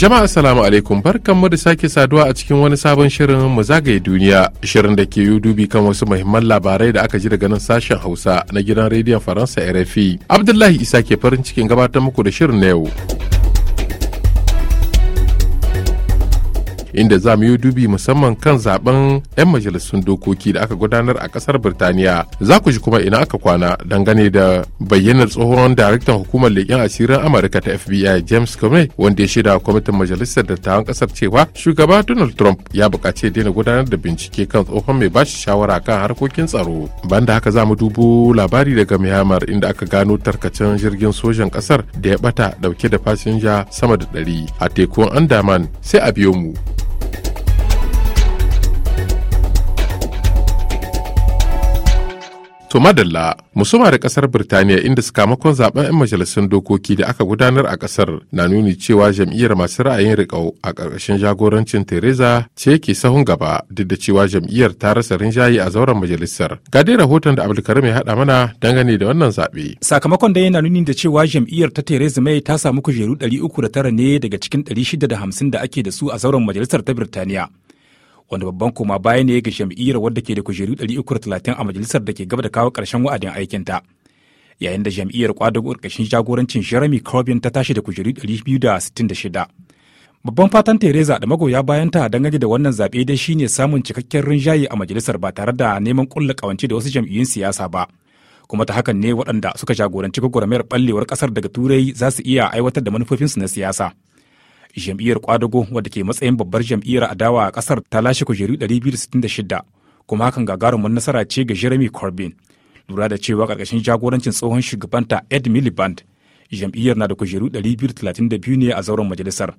Jama'a assalamu alaikum barkanmu da sake saduwa a cikin wani sabon shirin mu zagaye duniya shirin da ke yi dubi kan wasu muhimman labarai da aka ji daga nan sashen Hausa na gidan rediyon Faransa RFI. Abdullahi Isa ke farin cikin gabatar muku da shirin na yau. inda za mu yi dubi musamman kan zaben 'yan majalisun dokoki da aka gudanar a kasar Birtaniya. Za ku ji kuma ina aka kwana dangane da bayyanar tsohon daraktan hukumar leƙen asirin Amurka ta FBI James Comey wanda ya shida kwamitin majalisar dattawan kasar cewa shugaba Donald Trump ya buƙaci daina gudanar da bincike kan tsohon mai bashi shawara kan harkokin tsaro. Banda haka za mu dubo labari daga Myanmar inda aka gano tarkacen jirgin sojan kasar da ya bata dauke da fasinja sama da ɗari a tekun Andaman sai a biyo mu. To madalla musuma da kasar Birtaniya inda sakamakon zaben 'yan majalisun dokoki da aka gudanar a kasar na nuni cewa jam'iyyar masu ra'ayin riƙau a ƙarƙashin jagorancin Theresa ce ke sahun gaba duk da cewa jam'iyyar ta rasa rinjaye a zauren majalisar. Ga dai rahoton da Abdulkarim ya haɗa mana dangane da wannan zaɓe. Sakamakon da yana nuni da cewa jam'iyyar ta Theresa May ta samu kujeru 309 ne daga cikin 650 da ake da su a zauren majalisar ta Birtaniya. wanda babban koma baya ne ga jam'iyyar wadda ke da kujeru 330 a majalisar da ke gaba da kawo ƙarshen wa'adin aikinta yayin da jam'iyyar kwadago ƙarshen jagorancin jeremy corbyn ta tashi da kujeru 266 babban fatan theresa da magoya bayan bayanta dangane da wannan zaɓe dai shine samun cikakken rinjaye a majalisar ba tare da neman ƙulla ƙawance da wasu jam'iyyun siyasa ba kuma ta hakan ne waɗanda suka jagoranci gwagwarmayar ɓallewar ƙasar daga turai za su iya aiwatar da manufofinsu na siyasa. jam'iyyar kwadago wadda ke matsayin babbar jam'iyyar adawa a kasar ta lashe kujeru 266 kuma hakan gagarumin nasara ce ga jeremy corbyn lura da cewa karkashin jagorancin tsohon shugabanta ed miliband jam'iyyar na da kujeru 232 ne a zauren majalisar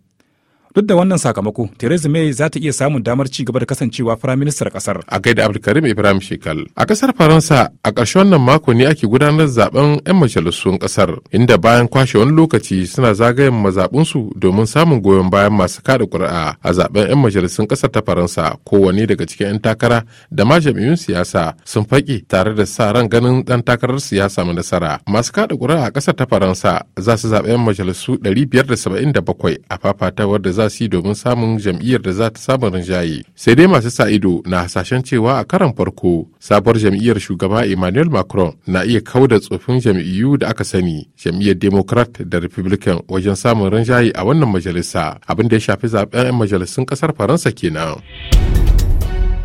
duk da wannan sakamako theresa may za ta iya samun damar ci gaba da kasancewa firaministar kasar a gaida abdulkarim ibrahim shekal a kasar faransa a ƙarshen wannan mako ne ake gudanar zaben 'yan majalisun kasar inda bayan kwashe wani lokaci suna zagayen mazaɓunsu domin samun goyon bayan masu kada ƙuri'a a zaben 'yan majalisun kasar ta faransa kowane daga cikin 'yan takara da ma jam'iyyun siyasa sun faƙi tare da sa ran ganin ɗan takarar siyasa mai nasara masu kada ƙuri'a a kasar ta faransa za su zaɓi 'yan majalisu 577 a fafatawar da za su yi domin samun jam'iyyar da za ta samu rinjaye sai dai masu sa ido na hasashen cewa a karon farko sabuwar jam'iyyar shugaba emmanuel macron na iya da tsofin jam'iyyu da aka sani jam'iyyar democrat da republican wajen samun rinjaye a wannan majalisa abin da ya shafi zaben majalisun ƙasar faransa kenan.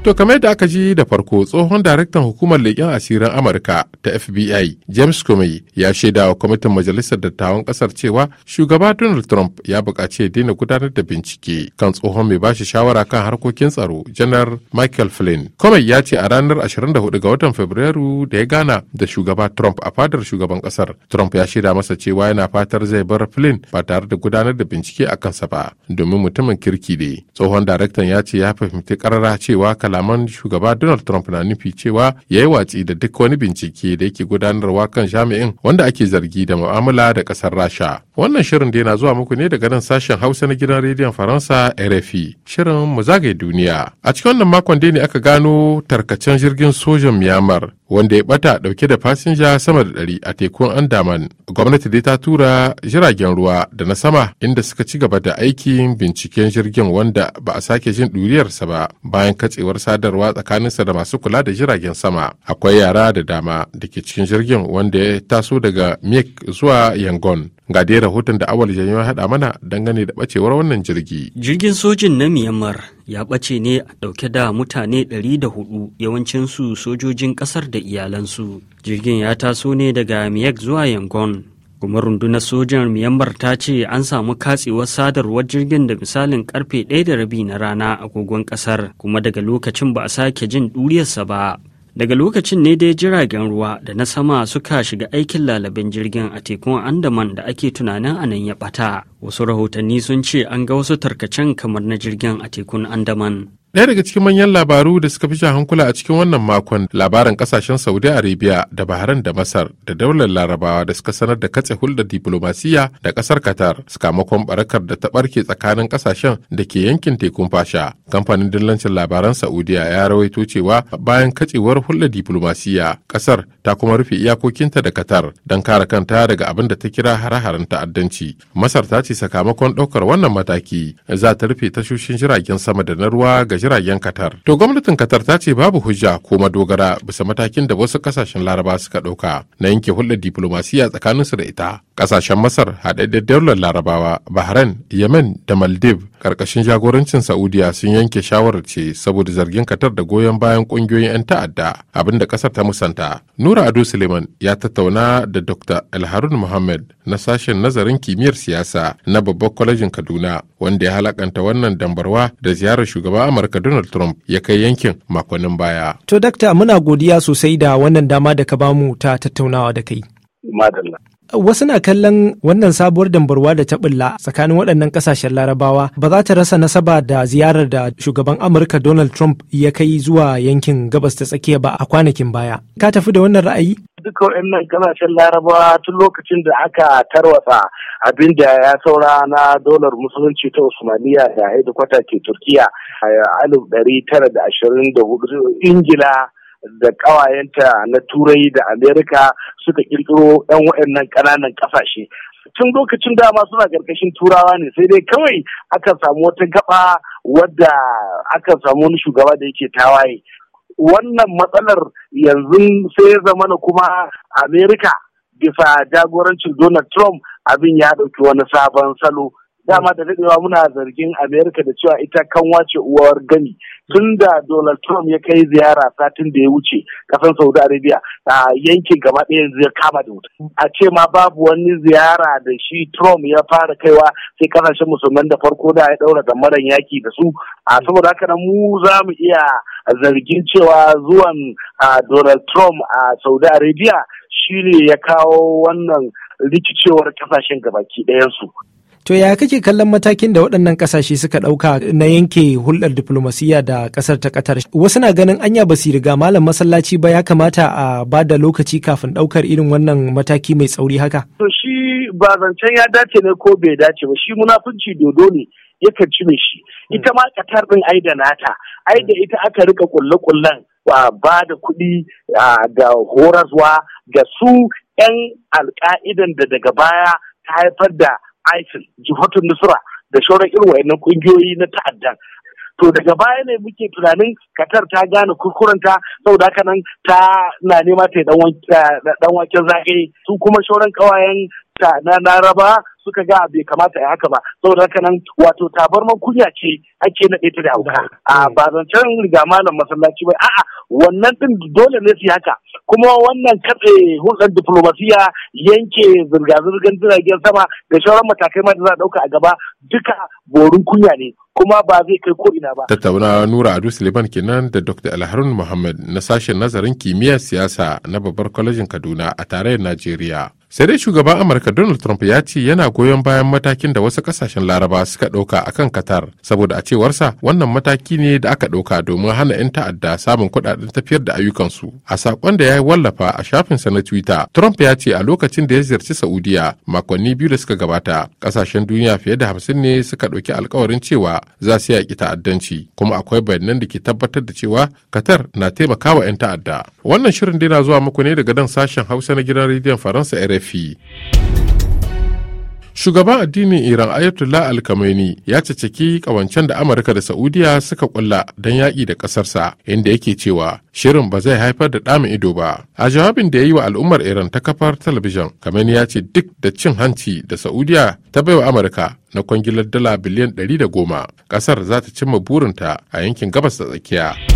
To kamar da aka ji da farko tsohon daraktan hukumar leƙen asirin Amurka ta FBI James Comey ya shaida wa kwamitin majalisar dattawan ƙasar cewa shugaba Donald Trump ya buƙaci ya daina gudanar da bincike kan tsohon mai bashi shawara kan harkokin tsaro janar Michael Flynn. Comey ya ce a ranar 24 ga watan Fabrairu da ya gana da shugaba Trump a fadar shugaban ƙasar. Trump ya shaida masa cewa yana fatar zai bar Flynn ba tare da gudanar da bincike a kansa ba domin mutumin kirki ne. Tsohon daraktan ya ce ya fahimci ƙarara cewa kala kalaman shugaba Donald Trump na nufi cewa ya yi watsi da duk wani bincike da yake gudanarwa kan jami'in wanda ake zargi da mu'amala da ƙasar Rasha. Wannan shirin da yana zuwa muku ne daga nan sashen Hausa na gidan rediyon Faransa RFI. Shirin mu zagaye duniya. A cikin wannan makon dai ne aka gano tarkacen jirgin sojan Myanmar wanda ya bata dauke da fasinja sama da ɗari a tekun Andaman. Gwamnati dai ta tura jiragen ruwa da na sama inda suka ci gaba da aikin binciken jirgin wanda ba a sake jin ɗuriyarsa ba bayan katsewar sadarwa tsakaninsa da masu kula da jiragen sama akwai yara da dama da ke cikin jirgin wanda ya taso daga mek zuwa yangon ga dai rahoton da awal janyo haɗa mana dangane da ɓacewar wannan jirgi jirgin sojin na myanmar ya ɓace ne a ɗauke da mutane 104 su sojojin ƙasar da iyalansu jirgin ya taso ne daga mek zuwa yangon kuma rundunar sojan miyambar ta ce an samu katsewar sadarwar jirgin da misalin karfe ɗaya da rabi na rana a agogon kasar kuma daga lokacin ba a sake jin ɗuriyarsa ba daga lokacin ne dai jiragen ruwa da na sama suka shiga aikin lalaben jirgin a tekun andaman da ake tunanin anan ya bata. wasu rahotanni sun ce an ga wasu tarkacen kamar na jirgin a tekun andaman Ɗaya daga cikin manyan labaru da suka fi hankula a cikin wannan makon labarin kasashen Saudi Arabia da Bahrain da Masar da daular Larabawa da suka sanar da katse hulɗar diplomasiya da ƙasar Qatar sakamakon barakar da ta ɓarke tsakanin ƙasashen da ke yankin tekun fasha. Kamfanin dillancin labaran Saudiya ya rawaito cewa bayan katsewar hulɗar diplomasiya ƙasar ta kuma rufe iyakokinta da qatar don kare kanta daga abin da ta kira hare-haren ta'addanci masar ta ce sakamakon ɗaukar wannan mataki za ta rufe tashoshin jiragen sama da na ruwa ga jiragen qatar to gwamnatin qatar ta ce babu hujja ko madogara bisa matakin da wasu kasashen laraba suka ɗauka na yanke hulɗar diplomasiya tsakaninsu da ita kasashen Masar, haɗaɗɗen daular Larabawa, Bahrain, Yemen da Maldiv ƙarƙashin jagorancin Saudiya sun yanke shawarar ce saboda zargin katar da goyon bayan ƙungiyoyin 'yan ta'adda abinda ƙasar ta musanta. Nura Ado Suleiman ya tattauna da Dr. Alharun Muhammad na sashen nazarin kimiyyar siyasa na babban kwalejin Kaduna wanda ya halakanta wannan dambarwa da ziyarar shugaban Amurka Donald Trump ya kai yankin makonnin baya. To dakta muna godiya sosai da wannan dama da ka bamu ta tattaunawa da kai. Wasu na kallon wannan sabuwar dambarwa da ta bulla tsakanin waɗannan ƙasashen larabawa ba za ta rasa nasaba da ziyarar da shugaban Amurka Donald Trump ya kai zuwa yankin gabas ta tsakiya ba a kwanakin baya. Ka tafi da wannan ra'ayi? Duka waɗannan ƙasashen larabawa tun lokacin da aka tarwasa abin da ya saura na dolar musulunci ta Usmaniya da kwata ke Turkiya a alif ɗari tara da ashirin da Ingila da ƙawayenta na turai da amerika suka kirkiro 'yan waɗannan ƙananan ƙasashe tun lokacin dama suna ƙarƙashin turawa ne sai dai kawai aka samu wata gaba wadda aka samu wani shugaba da yake tawaye wannan matsalar yanzu sai ya zamana kuma amerika bisa jagorancin donald trump abin ya ɗauki wani sabon salo dama da daɗewa muna zargin amerika da cewa ita kan wace uwar gani tun da donald trump ya kai ziyara satin da ya wuce kasan saudi arabia a yankin gaba ɗaya yanzu ya kama da wuta a ce ma babu wani ziyara da shi trump ya fara kaiwa sai kasashen musulman da farko da ya ɗaura damaran yaki da su a saboda haka mu za mu iya zargin cewa zuwan donald trump a saudi arabia shine ya kawo wannan rikicewar kasashen gabaki ɗayansu. To ya kake kallon matakin da waɗannan ƙasashe suka ɗauka na yanke hulɗar diflomasiyya da ƙasar ta Qatar? Wasu na ganin anya ba su riga malam masallaci ba ya kamata a ba da lokaci kafin ɗaukar irin wannan mataki mai tsauri haka? To shi ba zancen ya dace ne ko bai dace ba shi munafunci dodo ne yakan ci shi. Hmm. Ita ma Qatar ɗin ai da nata, ai da hmm. ita aka rika kulle-kullen ba da kuɗi da horaswa ga su 'yan alka'idan da daga baya ta haifar da ISIL, jihotun Nusra da shauran irin wayannan kungiyoyi na ta'adda. To daga baya ne muke tunanin Qatar ta gane kurkuranta saboda haka nan ta na nema ta eh, dan waken zagaye su kuma sauran kawayen na naraba suka ga bai kamata ya haka ba saboda haka nan wato tabarman kunya ce ake naɗe ta da hauka a ba zancen riga malam masallaci ba a'a wannan din dole ne su haka kuma wannan katse hulɗar diplomasiya yanke zirga-zirgar jiragen sama da sauran matakai ma da za a ɗauka a gaba duka borin kunya ne kuma ba zai kai ko ina ba. Tattauna Nura Adu Suleiman kenan da Dr. Alharun Muhammad na sashen nazarin kimiyyar siyasa na babbar kwalejin Kaduna a tarayyar Najeriya. sai dai shugaban amurka donald trump ya ce yana goyon bayan matakin da wasu kasashen laraba suka ɗauka a kan qatar saboda a cewarsa wannan mataki ne da aka ɗauka domin hana 'yan ta'adda samun kuɗaɗen tafiyar da ayyukansu a saƙon da ya wallafa a shafinsa na twitter trump ya ce a lokacin da ya ziyarci saudiya makonni biyu da suka gabata kasashen duniya fiye da hamsin ne suka ɗauki alkawarin cewa za su yaƙi ta'addanci kuma akwai bayanan da ke tabbatar da cewa qatar na taimakawa 'yan ta'adda wannan shirin dai na zuwa muku ne daga dan sashen hausa na gidan rediyon faransa rafi. shugaban addinin iran ayatollah alkamaini ya caceki kawancen da amurka da saudiya suka kulla don yaƙi da ƙasarsa inda yake cewa shirin ba zai haifar da ɗamin ido ba a jawabin da ya yi wa al'ummar iran ta kafar talabijin khamenei ya ce duk da cin hanci da saudiya ta baiwa amurka na kwangilar dala biliyan 110 ƙasar za ta cimma burinta a yankin gabas da tsakiya.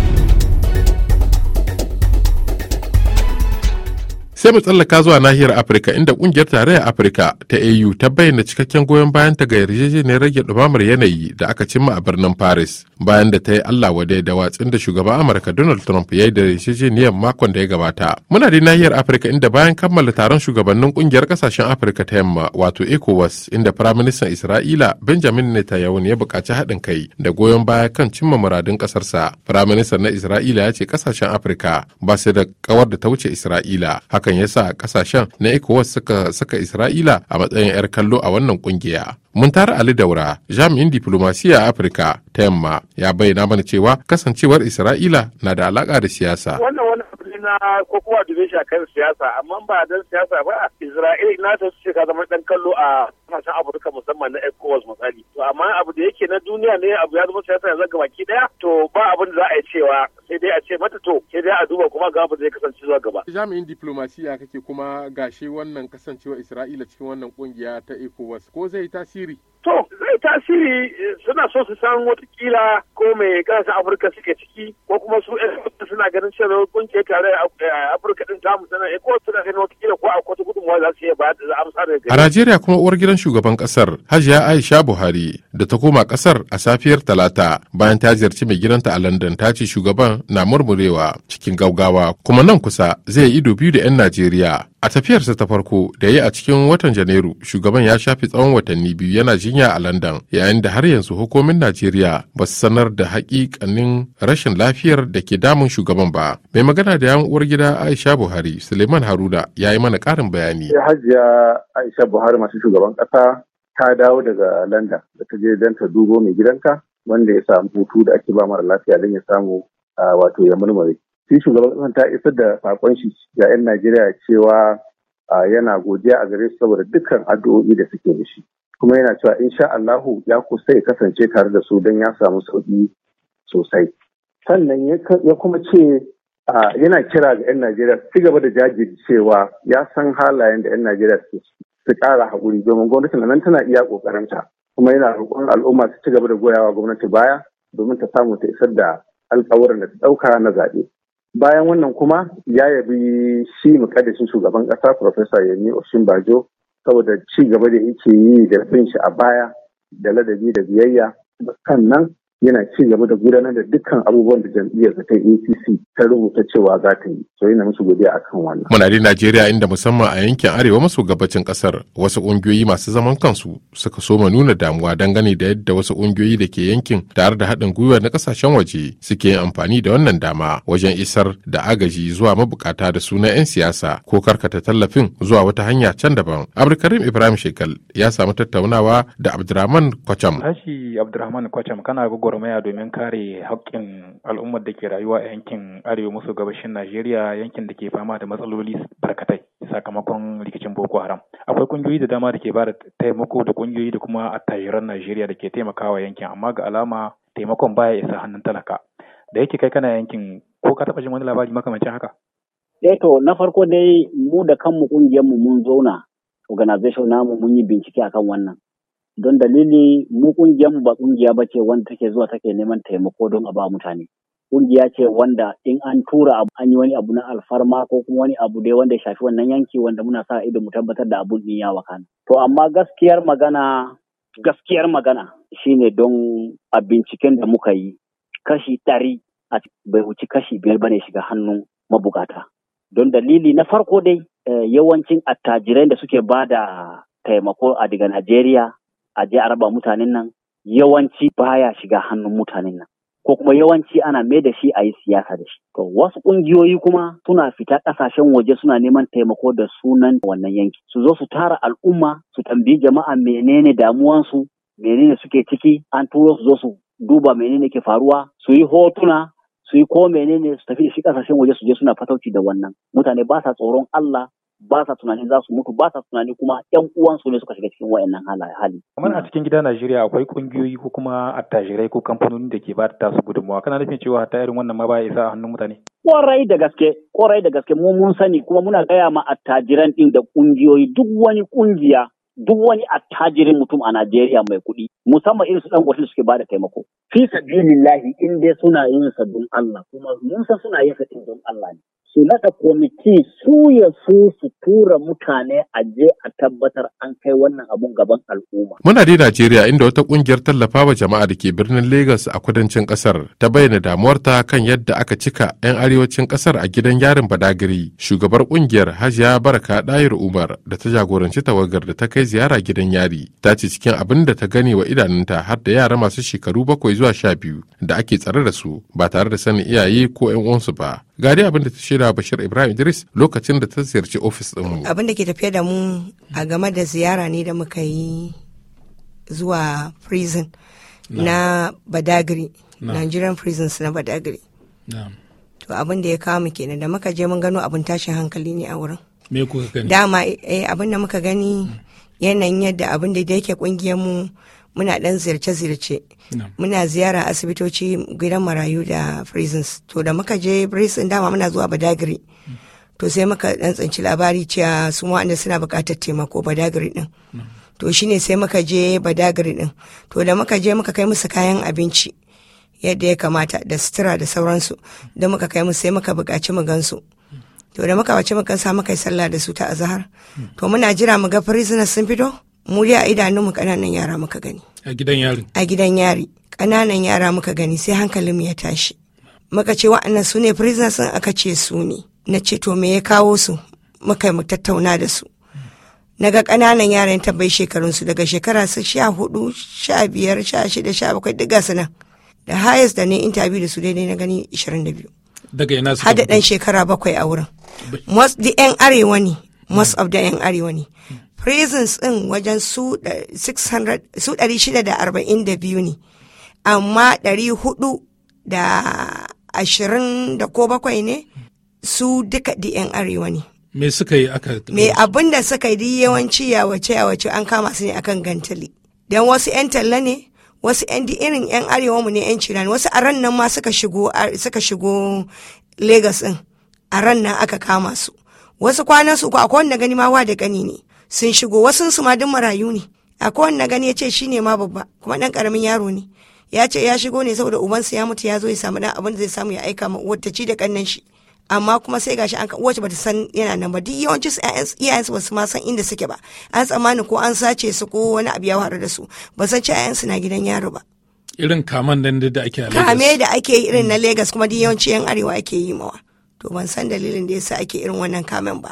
sai mu tsallaka zuwa nahiyar afirka inda kungiyar tarayyar afirka ta au ta bayyana cikakken goyon bayan ta ga yarjejeniyar rage ɗumamar yanayi da aka cimma a birnin paris bayan da ta yi allah wade da watsin da shugaban amurka donald trump ya yi da yarjejeniyar makon da ya gabata muna da nahiyar afirka inda bayan kammala taron shugabannin kungiyar kasashen afirka ta yamma wato ecowas inda firaministan isra'ila benjamin netanyahu ne ya buƙaci haɗin kai da goyon baya kan cimma muradun ƙasarsa firaministan na isra'ila ya ce kasashen afirka ba su da kawar da ta wuce isra'ila haka hakan sa kasashen na ecowas suka saka isra'ila a matsayin 'yar kallo a wannan kungiya Muntar Ali Daura, jami'in diplomasiya a Afirka ta yamma, ya bayyana mana cewa kasancewar Isra'ila na da alaka da siyasa. Wannan wani abu na ko kuma dubin shakar siyasa, amma ba dan siyasa ba, Isra'ila na ta ce ka zama ɗan kallo a kasashen Afirka musamman na ECOWAS misali. To na duniya ne abu ya zama siyasa ya zaga baki daya to ba abin da za a yi cewa sai dai a ce mata to sai dai a duba kuma ga ba zai kasance zuwa gaba jami'in diplomasiya kake kuma gashi wannan kasancewa Isra'ila cikin wannan kungiya ta ECOWAS ko zai tasiri to zai tasiri suna so su san watakila ko mai kasashen Afirka suke ciki ko kuma su suna ganin cewa kunce tare a Afirka din tamu tana eh, ko suna ganin wata ko a kwata gudunmawa za su iya ba da amsa gari. A Najeriya kuma uwar gidan shugaban kasar Hajiya Aisha Buhari da ta koma kasar a safiyar Talata bayan ta ziyarci mai gidanta a London ta ce shugaban na murmurewa cikin gaugawa kuma nan kusa zai yi ido biyu da 'yan Najeriya A tafiyarsa ta farko da ya yi a cikin watan Janairu, shugaban ya shafi tsawon watanni biyu yana jinya a London, yayin da har yanzu hukumin Najeriya ba su sanar da haƙiƙanin rashin lafiyar da ke damun shugaban. shugaban ba mai magana da yan uwar gida aisha buhari suleiman haruna ya yi mana karin bayani hajiya aisha buhari masu shugaban ƙasa ta dawo daga london da ta je don ta dubo mai gidanka wanda ya samu hutu da ake ba mara lafiya don ya samu a wato ya murmure shi shugaban ƙasa ta isar da sakon shi ga 'yan najeriya cewa yana godiya a gare su saboda dukkan addu'o'i da suke da shi kuma yana cewa insha Allahu ya kusa ya kasance tare da su don ya samu sauƙi sosai sannan ya kuma ce yana kira ga 'yan najeriya su gaba da jajircewa ya san halayen da 'yan najeriya su su kara haƙuri domin gwamnati nan tana iya ƙoƙarinta kuma yana roƙon al'umma su ci gaba da goyawa gwamnati baya domin ta samu ta isar da alƙawuran da ta ɗauka na zaɓe bayan wannan kuma ya yabi shi mukaddashin shugaban ƙasa Profesa yemi oshimbajo saboda ci gaba da yake yi da bin shi a baya da ladabi da biyayya sannan yana ci gaba da gudanar da dukkan abubuwan da jam'iyyar ta APC ta rubuta cewa za ta yi. So yana musu godiya akan wannan. Muna da Najeriya inda musamman a yankin arewa maso gabacin kasar wasu ƙungiyoyi masu zaman kansu suka soma nuna damuwa dangane da yadda wasu ƙungiyoyi da ke yankin tare da haɗin gwiwa na kasashen waje suke yin amfani da wannan dama wajen isar da agaji zuwa mabukata da suna 'yan siyasa ko karkata tallafin zuwa wata hanya can daban. Abdulkarim Ibrahim Shekal ya samu tattaunawa da Abdurrahman Kwacham. Hashi Abdurrahman Kwacham kana gugu gwagwarmaya domin kare haƙƙin al'ummar da ke rayuwa a yankin arewa maso gabashin Najeriya yankin da ke fama da matsaloli barkatai sakamakon rikicin Boko Haram. Akwai ƙungiyoyi da dama da ke ba da taimako da ƙungiyoyi da kuma attajiran Najeriya da ke taimakawa yankin amma ga alama taimakon baya isa hannun talaka. Da yake kai kana yankin ko ka taɓa jin wani labari makamancin haka? Eh to na farko dai mu da kanmu ƙungiyarmu mun zauna organization namu mun yi bincike akan wannan. don dalili mu ƙungiyar ba ƙungiya ba ce wanda take zuwa take neman taimako don a ba mutane ƙungiya ce wanda in an tura an yi wani abu na alfarma ko kuma wani abu dai wanda ya shafi wannan yanki wanda muna sa ido mu tabbatar da abun ya wakana to amma gaskiyar magana gaskiyar magana shine don a binciken da muka yi kashi ɗari a bai wuci kashi biyar bane shiga hannun mabukata don dalili na farko dai eh, yawancin attajirai da suke ba da taimako a daga Najeriya a je a raba mutanen nan yawanci baya shiga hannun mutanen nan ko kuma yawanci ana mai da shi a yi siyasa da shi. To wasu ƙungiyoyi kuma suna fita ƙasashen waje suna neman taimako da sunan wannan yanki. Su zo su tara al'umma su tambayi jama'a menene damuwansu menene suke ciki an turo su zo su duba menene ke faruwa su yi hotuna su yi ko menene su tafi da shi ƙasashen waje su je suna fatauci da wannan. Mutane ba sa tsoron Allah ba sa tunanin za su mutu ba sa tunanin kuma yan uwansu ne suka shiga cikin wayannan hali. Kamar a cikin gida Najeriya akwai kungiyoyi ko kuma attajirai ko kamfanoni da ke ba ta tasu gudunmawa kana nufin cewa hatta irin wannan ma ba isa a hannun mutane. Kwarai da gaske kwarai da gaske mu mun sani kuma muna gaya ma attajiran din da kungiyoyi duk wani kungiya duk wani attajirin mutum a Najeriya mai kuɗi musamman irin su dan gwamnati suke bada taimako fi sabilillahi in dai suna yin sa don Allah kuma mun san suna yin sa don Allah ne su naɗa kwamiti su ya su su tura mutane a je a tabbatar an kai wannan abun gaban al'umma. Muna dai Najeriya inda wata kungiyar tallafawa jama'a da ke birnin Legas a kudancin kasar ta bayyana ta kan yadda aka cika 'yan arewacin kasar a gidan yarin Badagiri. Shugabar kungiyar Hajiya Baraka Dayir Umar da ta jagoranci tawagar da ta kai ziyara gidan yari ta ce cikin abin da ta gani wa idanunta har da yara masu shekaru bakwai zuwa sha biyu da ake tsare da su ba tare da sanin iyaye ko 'yan uwansu ba. ga dai abin da ta shirya bashir ibrahim idris lokacin da ta ziyarci ofis din mu abin da ke tafiya da mu a game da ziyara ne da muka yi zuwa prison na badagri nigerian prisons na badagri to abin da ya kawo mu kenan da muka je mun gano abin tashin hankali ne a wurin me kuka gani dama eh, abin da muka gani mm. yanayin yadda abin da yake kungiyar mu muna dan ziyarce-ziyarce muna ziyara asibitoci gidan marayu da prisons to da muka je prison dama muna zuwa badagiri mm. to sai muka dan tsanci labari cewa su wa'anda suna bukatar taimako badagiri din to shine sai muka je badagiri din to da muka je muka kai musu kayan abinci yadda ya kamata da sutura da sauransu da muka kai musu sai muka bukaci mu gansu mm. to da muka wace muka sa muka yi sallah da su ta azahar mm. to muna jira mu ga prisoners sun fito mu dai a idanunmu kananan yara muka gani a gidan yari a gidan yari Kananan yara muka gani sai hankalinmu ya tashi muka ce wa'annan su ne prisoners sun aka ce su ne na ce to me ya kawo su muka mu tattauna da su na ga ƙananan yaran tambayi shekarun su daga shekara su sha hudu sha biyar sha shida sha bakwai duk gasu nan da highest da ne interview da su daidai na gani ishirin da biyu daga ina su hada ɗan shekara bakwai a wurin most the yan arewa ne most of the yan arewa ne prisons ɗin wajen su 642 ne amma 427 ne su duka ɗiyan arewa ne me suka yi aka me abin da suka yi yawanci yawace yawace an kama su ne akan gantali don wasu 'yan talla ne wasu 'yan irin 'yan arewa mu ne 'yan cirani wasu a ran nan ma suka shigo suka shigo Legas din a ran nan aka kama su wasu kwanan su akwai wanda gani ma wa da gani ne sun shigo wasu su ma duk marayu ne a kowanne gani ya ce shi ne ma babba kuma dan karamin yaro ne ya ce ya shigo ne saboda ubansa ya mutu ya zo ya samu dan abin da zai samu ya aika ma uwar ta ci da kannan shi amma kuma sai gashi an uwar bata san yana nan ba duk yawanci iyayen su basu ma san inda suke ba an tsammani ko an sace su ko wani abu ya faru da su ba san ci su na gidan yaro ba irin kaman nan da ake a Lagos kame da ake yi irin na Lagos kuma duk yawanci yan arewa ake yi mawa to ban san dalilin da yasa ake irin wannan kamen ba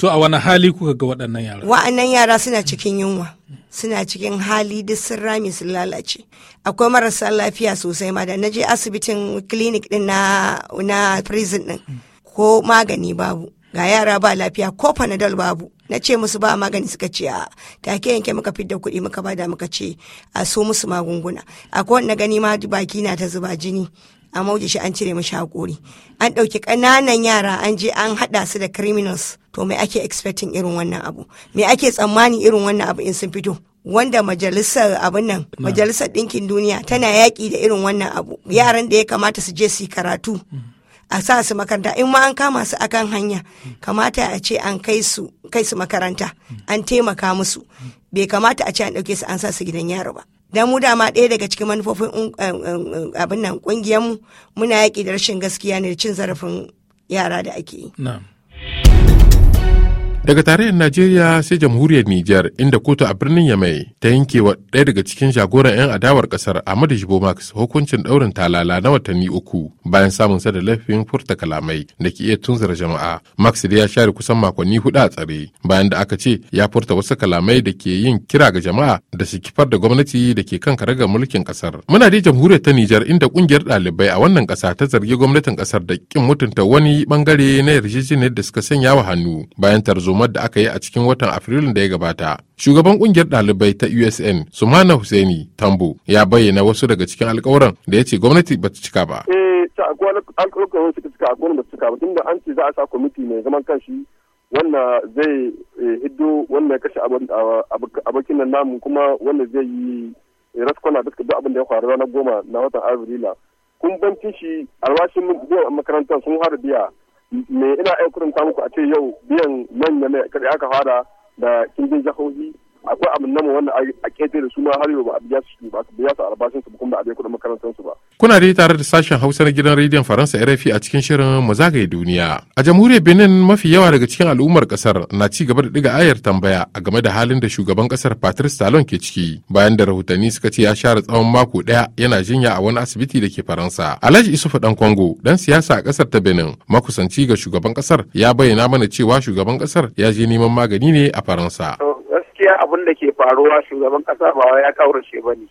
To a wani hali kuka ga waɗannan yara? Wa'annan yara suna cikin yunwa, suna cikin hali duk sun rami sun lalace. Akwai marasa lafiya sosai ma da na je asibitin clinic din na, na prison din ko magani babu. Ga yara ba lafiya ko panadol babu. Na ce musu ba magani suka ce a take yanke muka fidda kuɗi muka bada muka ce a so musu magunguna. Akwai wanda gani ma baki na ta zuba jini a mauje shi an cire mashi hakuri an ɗauki ƙananan yara an je an haɗa su da criminals to me ake expecting irin wannan abu me ake tsammani irin wannan abu in sun fito wanda majalisar abin nan majalisar ɗinkin duniya tana yaƙi da irin wannan abu yaran da ya kamata su je su karatu a sa su makaranta in ma an kama su akan hanya kamata a ce an kai su kai su makaranta an taimaka musu bai kamata a ce an ɗauke su an sa su gidan yaro ba dan mu dama ɗaya daga cikin manufofin um, um, um, abin nan ƙungiyarmu muna yaƙi da rashin gaskiya ne da cin zarafin yara da ake yi. Daga tarayyar Najeriya sai jamhuriyar Nijar inda kotu a birnin Yamai ta yanke wa ɗaya daga cikin jagoran 'yan adawar ƙasar Ahmadu Jibo Max hukuncin ɗaurin talala na watanni uku bayan samun sa da laifin furta kalamai da ke iya tunzura jama'a. Max da ya share kusan makonni hudu a tsare bayan da aka ce ya furta wasu kalamai da ke yin kira ga jama'a da su kifar da gwamnati da ke kan karagar mulkin ƙasar. Muna dai jamhuriyar ta Nijar inda ƙungiyar ɗalibai a wannan ƙasa ta zargi gwamnatin ƙasar da kin mutunta wani bangare na yarjejeniyar da suka sanya wa hannu bayan tarzo tarzomar da aka yi a cikin watan Afrilun da ya gabata. Shugaban kungiyar ɗalibai ta USN, Sumana Hussaini Tambo, ya bayyana wasu daga cikin alkawuran da ya ce gwamnati ba ta cika ba. Eh, alkawuran cika, alkawuran ba ta cika ba, tunda an ce za a sa kwamiti mai zaman kanshi wannan zai eh, hiddo wannan ya kashe abokin nan namu kuma wannan zai yi eh, raskwana duka duk abin da ya faru ranar goma na watan abrila kun banci shi albashin makarantar sun harbiya biya me ina aikurin muku a ce yau biyan manya mai aka fara da kingin jihohi akwai abin namu wanda a kete da su har yau ba a biya su ba biya su albashin su kuma da abin kuɗin makarantar su ba kuna dai tare da sashen Hausa na gidan rediyon Faransa RFI a cikin shirin mu zagaye duniya a jamhuriyar Benin mafi yawa daga cikin al'ummar kasar na ci gaba da diga ayar tambaya a game da halin da shugaban kasar Patrice Talon ke ciki bayan da rahotanni suka ce ya share tsawon mako daya yana jinya a wani asibiti da ke Faransa Alhaji Isufu dan Kongo dan siyasa a kasar ta Benin makusanci ga shugaban kasar ya bayyana mana cewa shugaban kasar ya je neman magani ne a Faransa abin da ke faruwa shugaban kasa ba ya kaurace ba ne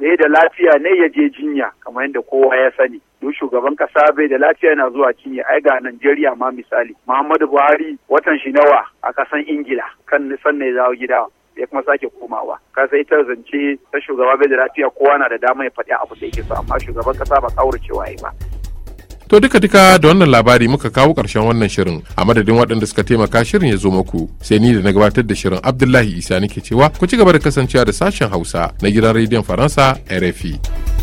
bai da lafiya ne ya je jinya kamar yadda kowa ya sani duk shugaban kasa bai da lafiya yana zuwa jinya ai ga Najeriya ma misali Muhammadu Buhari watan shi nawa a kasan Ingila kan nisan ne zawo gida ya kuma sake komawa ka sai ta zance ta shugaba bai da lafiya kowa na da dama ya faɗi abin da yake so amma shugaban kasa ba kaurace yi ba to duka duka da wannan labari muka kawo ƙarshen wannan shirin a madadin waɗanda suka taimaka shirin ya zo muku sai ni da na gabatar da shirin abdullahi isa nake cewa ku ci gaba da kasancewa da sashen hausa na gidan rediyon faransa rfi